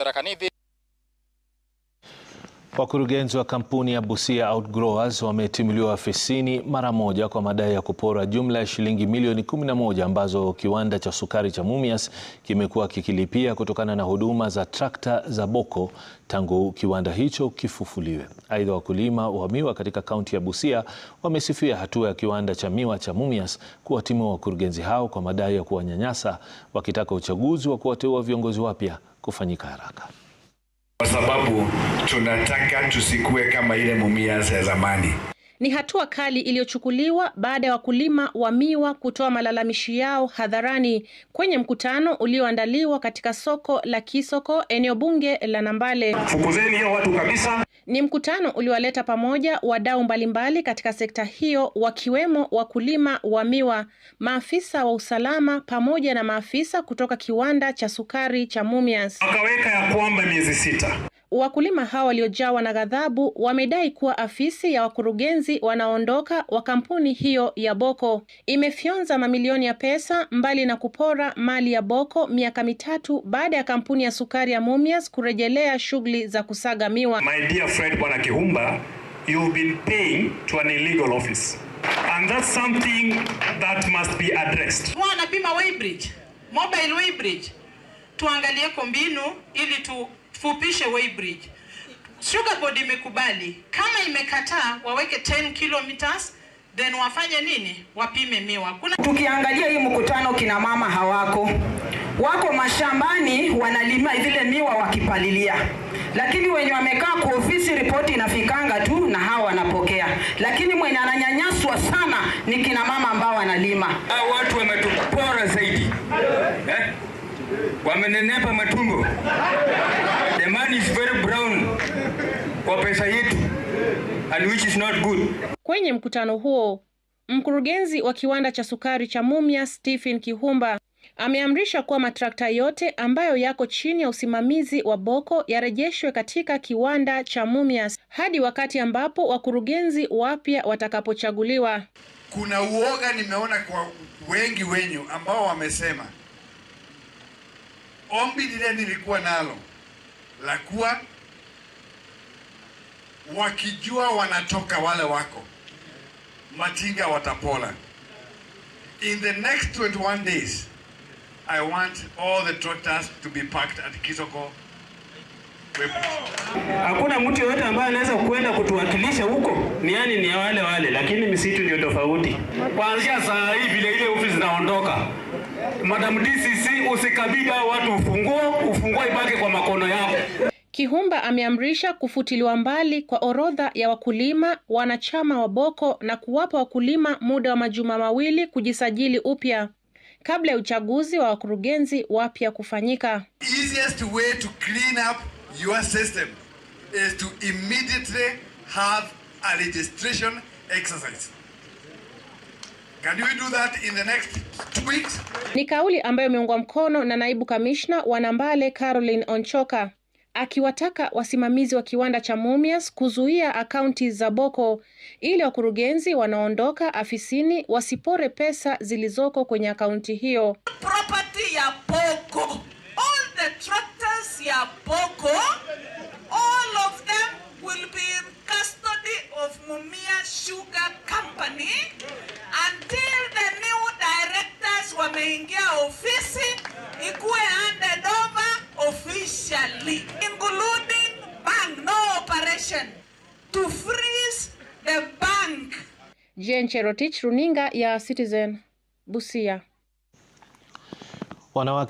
Gerakan ini Wakurugenzi wa kampuni ya Busia Outgrowers wametimuliwa afisini mara moja kwa madai ya kupora jumla ya shilingi milioni 11 ambazo kiwanda cha sukari cha Mumias kimekuwa kikilipia kutokana na huduma za trakta za Boko tangu kiwanda hicho kifufuliwe. Aidha, wakulima wa miwa katika kaunti ya Busia wamesifia hatua ya kiwanda cha miwa cha Mumias kuwatimua wakurugenzi hao kwa madai ya kuwanyanyasa, wakitaka uchaguzi wa kuwateua viongozi wapya kufanyika haraka kwa sababu tunataka tusikue kama ile Mumias ya zamani. Ni hatua kali iliyochukuliwa baada ya wakulima wa miwa kutoa malalamishi yao hadharani kwenye mkutano ulioandaliwa katika soko la Kisoko, eneo bunge la Nambale. Fukuzeni hiyo watu kabisa. Ni mkutano uliowaleta pamoja wadau mbalimbali katika sekta hiyo wakiwemo wakulima wa miwa, maafisa wa usalama pamoja na maafisa kutoka kiwanda cha sukari cha Mumias. Wakaweka ya kwamba miezi sita Wakulima hao waliojawa na ghadhabu wamedai kuwa afisi ya wakurugenzi wanaoondoka wa kampuni hiyo ya Boko imefyonza mamilioni ya pesa, mbali na kupora mali ya Boko miaka mitatu baada ya kampuni ya sukari ya Mumias kurejelea shughuli za kusaga miwa. My dear friend Bwana Kihumba, you've been paying to an illegal office and that's something that must be addressed. Wanapima weighbridge, mobile weighbridge, tuangalie kombinu ili tu tufupishe Weybridge. Sugar board imekubali, kama imekataa waweke 10 kilometers then wafanye nini? Wapime miwa. Kuna... Tukiangalia hii mkutano, kina mama hawako, wako mashambani wanalima vile miwa wakipalilia, lakini wenye wamekaa kwa ofisi ripoti inafikanga tu na hawa wanapokea, lakini mwenye ananyanyaswa sana ni kina mama ambao wanalima. Hao watu wametupora zaidi eh? Wamenenepa matumbo Sudan is very brown kwa pesa yetu and which is not good. Kwenye mkutano huo, mkurugenzi wa kiwanda cha sukari cha Mumia Stephen Kihumba ameamrisha kuwa matrakta yote ambayo yako chini ya usimamizi wa Boko yarejeshwe katika kiwanda cha Mumias hadi wakati ambapo wakurugenzi wapya watakapochaguliwa. Kuna uoga nimeona kwa wengi wenyu ambao wamesema ombi lile nilikuwa nalo la kuwa wakijua wanatoka wale wako matinga watapola In the next 21 days, I want all the tractors to be packed at Kisoko. Hakuna mtu yoyote ambaye anaweza kwenda kutuwakilisha huko, ni yani ni wale wale, lakini misitu ndio tofauti. Kuanzia saa hii vile ile ofisi zinaondoka, Madam DCC, usikabidi watu ufunguo, ufunguo ibaki kwa makono yako Kihumba ameamrisha kufutiliwa mbali kwa orodha ya wakulima wanachama wa Boko na kuwapa wakulima muda wa majuma mawili kujisajili upya kabla ya uchaguzi wa wakurugenzi wapya kufanyika. Ni kauli ambayo imeungwa mkono na naibu kamishna wa Nambale Caroline Onchoka akiwataka wasimamizi wa kiwanda cha Mumias kuzuia akaunti za Boko ili wakurugenzi wanaondoka afisini wasipore pesa zilizoko kwenye akaunti hiyo. Property ya Boko. All the tractors ya Boko, all of them will be in custody of Mumia Sugar Company until the new directors wameingia immediately, including bank no operation, to freeze the bank. Jane Cherotich, runinga ya Citizen, Busia. Wanawake